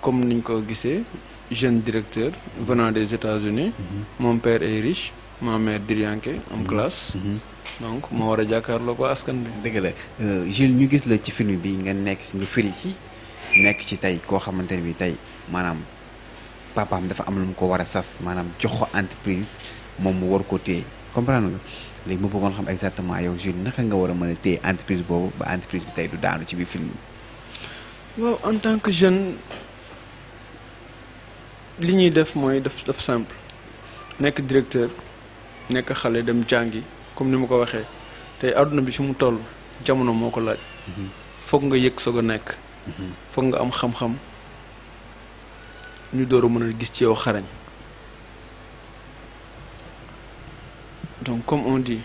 comme niñ ko gisee jeune directeur venant des États-Unis mhm. mon père est riche ma mère diriyanke en mhm. classe mhm. donc moo war a jàkkaarloo ko askan bi dëgg la euh, Jules ñu gis la ci film bi nga nekk nga firi ci nekk ci tey koo xamante ne bi tey maanaam papaam dafa am lu mu ko war sas maanaam jox ko entreprise moom mu war ko téye comprendre nga léegi ma bëggoon xam exactement yow Jules naka nga war a mën entreprise boobu ba entreprise bi tey du daanu ci biir film bi en tant que jeune li ñuy def mooy def def simple nekk directeur nekk xale dem jàngi comme ni ma ko waxee tey àdduna bi fi mu toll jamono moo ko laaj. Mm-hmm. foog nga yëg soog a nekk. Mm-hmm. foog nga am xam-xam ñu door a mën a gis ci yow xarañ. donc comme on dit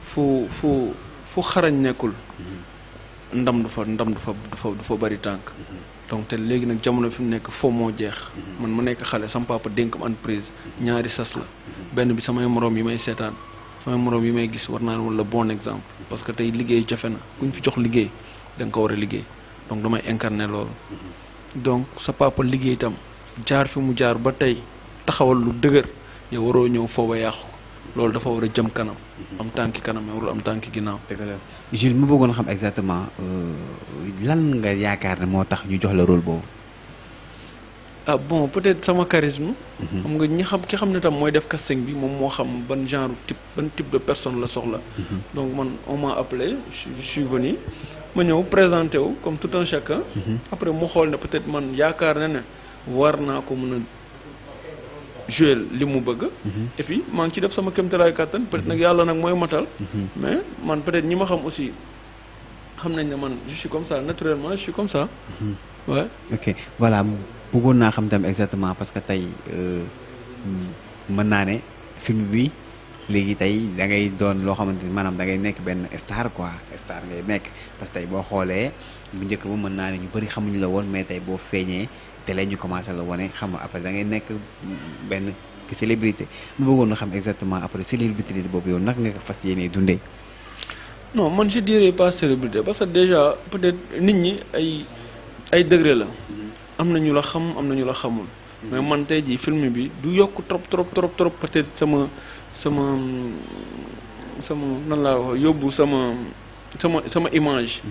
fu fu fu xarañ nekkul. Mm-hmm. ndam du fa ndam du fa du fa du bëri tànk mm-hmm. donc te léegi nag jamono fi mu nekk foo moo jeex mm-hmm. man ma nekk xale sama dénk dénkam entreprise ñaari sas la mm-hmm. benn bi samay moroom yi may seetaan samay moroom yi may gis war naa wala bon exemple parce que tey liggéey jafe na ku fi jox liggéey danga ko war a liggéey donc damay incarner loolu donc sa papa liggéey itam jaar fi mu jaar ba tey taxawal lu dëgër yow waroo ñëw foo yàqu loolu dafa war a jëm kanam. am tànki kanam warul am tànki ginnaaw. Jules mu bëggoon xam exactement euh, lan nga yaakaar ne moo tax ñu jox la role boobu. ah bon peut-être sama charisme. Mhm. xam nga ñi xam ki xam ne tam mooy def casting bi moom moo xam ban genre type ban type de personne la soxla. Mhm. donc man on m'a appelé je ma ñëw présenté wu comme tout un chacun. Mhm. après mu xool ne peut-être man yaakaar na ne war naa ko mën a. jouer li mu bëgg mhm. et puis man ci def sama këm tray katan peut-être mhm. nak yalla nak moy matal mhm. mais man peut-être ñima xam aussi xam nañ ne man je suis comme ça naturellement je suis comme ça ouais OK voilà bëggon na xam tam exactement parce que tay euh mën naane film bi léegi tey da ngay doon loo xamante ni maanaam da ngay nekk benn star quoi star ngay nekk parce que tey boo xoolee bu njëkk ba mën naa ne ñu bëri xamuñu la woon mais tey boo feeñee te la ñu commencé la wane xam nga après da ngay nekk benn célébrité mu bëggoon na xam exactement après célébrité boobu yoon naka nga ko fas yéenee dundee. non man je dirais pas célébrité parce que déjà peut-être nit ñi ay ay degré la. Mm-hmm. am na ñu la xam am na ñu la xamul. mais man tay ji film bi du yok trop trop trop trop peut-être sama sama sama nan la wax sama sama sama image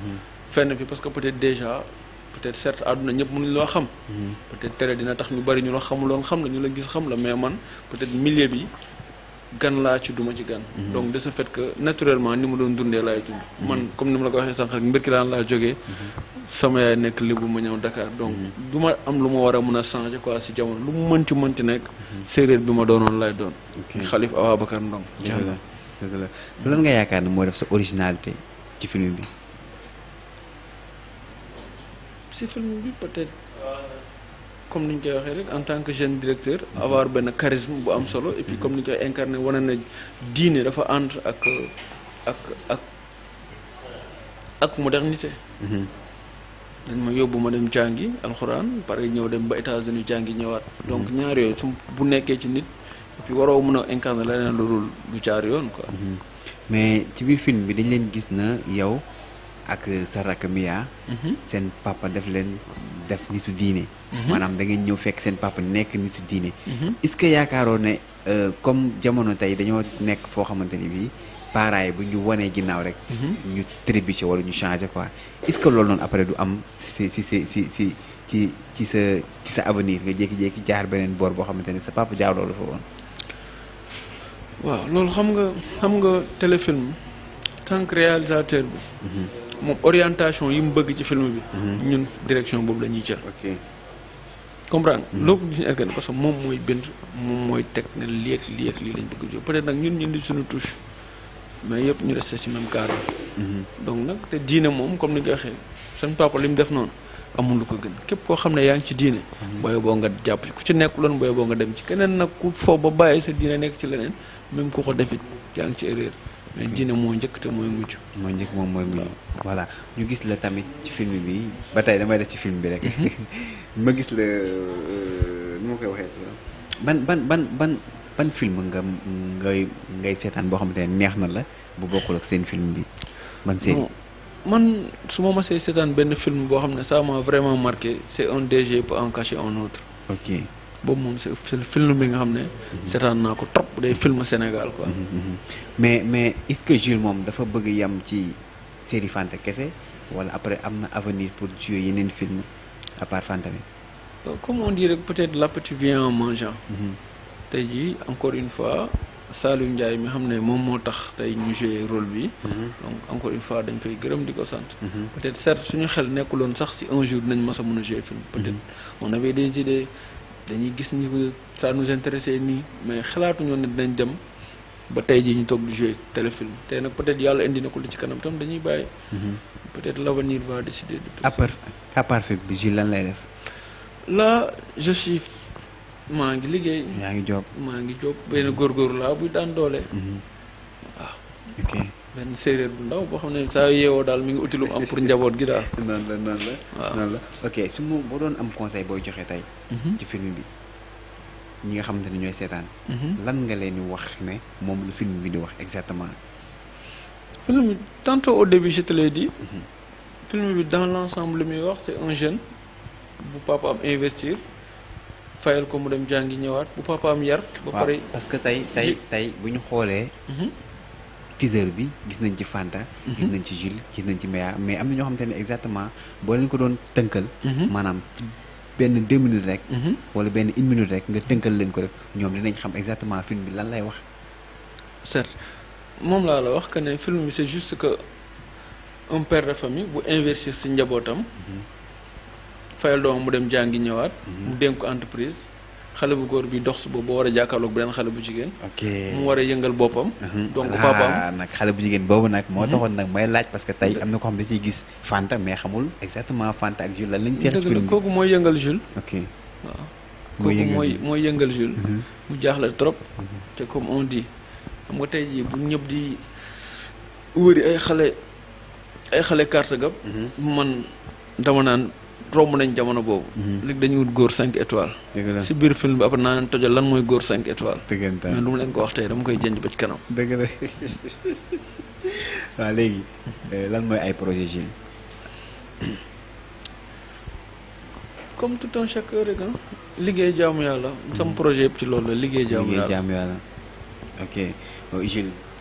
fenn fi parce que peut-être déjà peut-être cert aduna ñep mënu lo xam mhm. peut-être télé dina tax ñu bari ñu lo xamul xam la ñu la gis xam la mais man peut-être milieu bi gan laa ci duma ci gan. Mhm. donc de ce fait que naturellement ni mu doon dundee laay dund. Mhm. man comme ni ma la ko waxee sànq rek Mbirkilaan laa jógee. Mhm. sama yaay nekk Lébu ma ñëw Dakar donc du ma am lu ma war a mën a changer quoi si jamono lu mu mënti mënti nekk. séeréer bi ma doonoon lay doon. Xalif Awa Bakar Ndong. dëgg la la nga yaakaar ne moo def sa originalité ci film bi. si film bi peut comme ni ñu koy waxee rek en tant que jeune directeur avoir benn charisme bu am solo et puis comme ni ñu koy incarné wane na diine dafa ànd ak ak ak ak modernité mhm. dañ ma yóbbu ma dem jàngi alxuraan pare ñëw dem ba États-Unis jàngi ñëwaat mhm. donc ñaar yooyu su bu nekkee ci nit et waroo mën a incarné leneen lu dul lu jaar yoon quoi mhm. mais ci biir film bi dañ leen gis na yow ak sa rakk ah. mhm. seen papa def leen def nitu diine. Mhm. maanaam da ngeen ñëw fekk seen papa nekk nitu diine. Mhm. est-ce que yaakaaroon euh, comme jamono tey dañoo nekk foo xamante ni bii parents yi bu ñu wanee ginnaaw rek. ñu trébuché wala ñu changé quoi est que loolu noonu après du am si si si si ci ci sa ci sa avenir nga jékki-jékki jaar beneen boor boo xamante ne sa papa jaar loolu fa woon. waaw loolu xam nga xam nga téléfilm tant réalisateur bi. moom orientation yi mu bëgg ci film bi. Mhm. ñun direction boobu la ñuy jël. comprendre mhm. loolu du ñu ergan parce que moom mooy bind moom mooy teg ne lii ak lii ak lii lañ bëgg a peut nag ñun ñun di suñu touche mais yëpp ñu resté si même cadre mhm. donc nag te diine moom comme ni nga waxee seen papa li mu def noonu amul lu ko gën képp koo xam ne yaa ngi ci diine booy boo nga jàpp ku ci nekk loon booy boo nga dem ci keneen nag ku foo ba bàyyi sa diine nekk ci leneen même ku ko defit yaa ngi ci erreur mais euh, dina moo njëkk te mooy mujj. moo njëkk moom mooy mujj. voilà ñu gis la tamit ci film bi ba tey damay def ci film bi rek. Mhm. ma gis la euh, nu ma koy waxee ban ban ban ban ban film nga ngay ngay seetaan boo xamante ne neex na la bu bokkul ak seen film bi ban série. man su ma mosee seetaan benn film boo xam ne ça m'a vraiment marqué c'est un DG peut en cacher un autre. boobu moom c' est film bi nga xam ne. seetaan naa ko trop day film Sénégal quoi. Mhm, mhm, mhm. mais mais est ce que Jules moom dafa bëgg yam ci série Fanta kese wala après am na avenir pour jouer yeneen film à part bi. Euh, comme on dit rek peut être l'appétit vient en mangeant. tey jii encore une fois. Saliou Ndiaye mi xam ne moom moo tax tey ñu jur role bi. donc encore une fois dañ koy gërëm di ko sant. peut-être certes suñu xel nekkuloon sax si un jour dinañ mës a mën a joué film. peut dañuy gis ni que ça nous intéressait ni mais xalaatu ñu ne dinañ dem ba tay ji ñu tok di jouer téléfilm te nak peut-être yalla indi na ko ci kanam tam dañuy bàyyi. Mhm. peut-être l'avenir va décider de tout. à part à part film bi lan lay def. là je suis maa ngi liggéey. maa ngi job maa ngi job benn góorgóorlu laa buy daan doole. Mhm. waaw. benn séeréer bu ndaw boo xam ne saa yeewoo daal mi ngi uti am pour njaboot gi daal. noonu la noonu la ok su ma boo doon am conseil booy joxe tey. Mhm. ci film bi ñi nga xamante ne ñooy seetaan. Mhm. lan nga leen di wax ne moom lu film bi di wax exactement. film bi tantôt au début je te l'ai dit. Mhm. film bi dans l'ensemble muy wax c'est un jeune bu papa am investir. fayal ko mu dem jàngi ñëwaat bu papaam yar. ba pare parce que tey tey tey bu ñu xoolee. teaser bi gis nañ ci Fanta. Mhm. gis nañ ci Jules gis nañ ci Meya mais am na ñoo xamante ne exactement boo leen ko doon tënkal. Mhm. maanaam ci benn deux minutes rek. Mhm. wala benn une minute rek nga tënkal leen ko rek ñoom dinañ xam exactement film bi lan lay wax. certes moom laa la wax que film bi c'est juste que un père de famille bu investir ci njabootam. fayal doomam mu dem jàngi ñëwaat. mu dénk entreprise. xale bu góor bi dox suba boo war a jàkkaarloog beneen xale bu jigéen. ok mu war a yëngal boppam. Mhm. donc ah, papaam nag xale bu jigéen boobu nag. moo mhm. taxoon nag may laaj parce que tey am na ko xam ne ciy gis Fanta mais xamul exactement Fanta ak Jules lan lañ. seet ci kooku mooy yëngal Jules. ok waaw. kooku mooy mooy yëngal Jules. Mhm. mu jaaxle trop. te comme on di xam nga tey bu ñëpp di wëri ay xale ay xale carte ga man dama naan. romb nañ jamono boobu. Mhm. léegi dañuy wut góor cinq étoiles. si biir film bi après naa leen tojal lan mooy góor cinq étoiles. mais lu mu leen ko wax tey dama koy jënj ba ci kanam. dëgg la waaw léegi euh, lan mooy ay projet Gilles. comme tout un chacun rek ah. liggéey jaamu yàlla. sama mhm. projet yëpp ci loolu la liggéey jaamu yàlla liggéey jaamu yàlla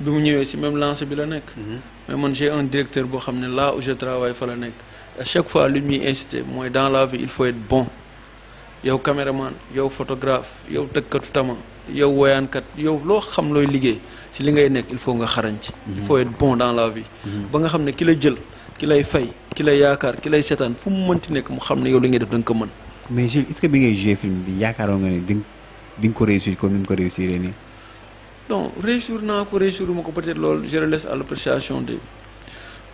bi mu ci même lancé bi la nek mhm. mais man j'ai un directeur bo xamné là où je travaille fa la nekk à chaque fois lui ñuy incité moi dans la vie il faut être bon yow cameraman yow photographe yow tëkkatu tama yow kat yow lo xam loy liggé ci li ngay nek il faut nga xarañ ci. Mhm. il faut être bon dans la vie. Mhm. ba nga xamné ne ki la jël ki lay fay ki lay yaakaar ki lay seetaan fu mu mënti nek mu xamné yow li ngay def da ko mën. mais Jules est-ce que bi ngay jouer film bi yaakaaroon nga ne ding ko réussir comme ni ko réussir ni donc réussir naa ko réussir ma ko peut-être loolu je le laisse de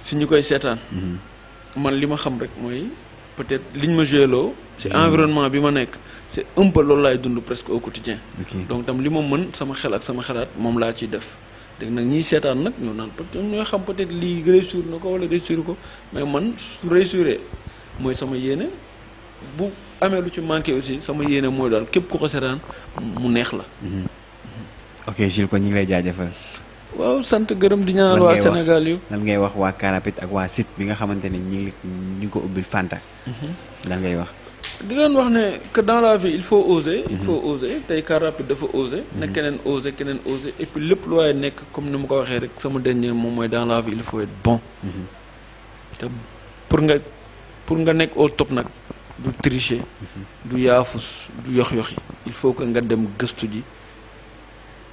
si ñu koy seetaan. Mm-hmm. man li ma xam rek mooy peut-être liñ ma jëloo. ci mm-hmm. environnement bi ma nekk c'est un loolu laay dund presque au quotidien donc tam li ma mën sama xel ak sama xalaat moom laa ci def. dégg nag ñiy seetaan nag ñoo naan peut-être ñooy xam peut-être lii réussir na ko wala réussir ko mais man su réussir mooy sama yéene bu amee lu ci manqué aussi sama yéene mooy daal képp ku ko seetaan mu neex la. Mm-hmm. xéxil ko ñi ngi lay jaajëfal waaw sant gërëm di ñaanal waa sénégal yu lan ngay wax waa canapit ak waa site bi nga xamante ne ñi ngi ñu ko ubbil fanta lan ngay wax di leen wax ne que dans la vie il faut oser il mhm. faut oser tey il faut oser ne mhm. keneen oser keneen oser et puis lépp looy nekk comme ni ma ko waxee rek dernier moom dans la vie il faut être bon mhm. te pour nga pour nga nekk au top nag du tricher du yaafus du yox yoxi il faut que nga dem gëstu ji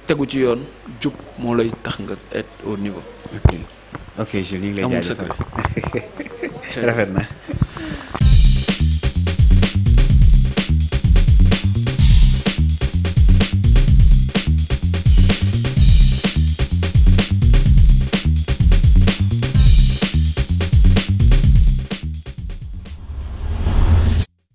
tegu ci yoon jub moo lay tax nga être au niveau. ok ok rafet na.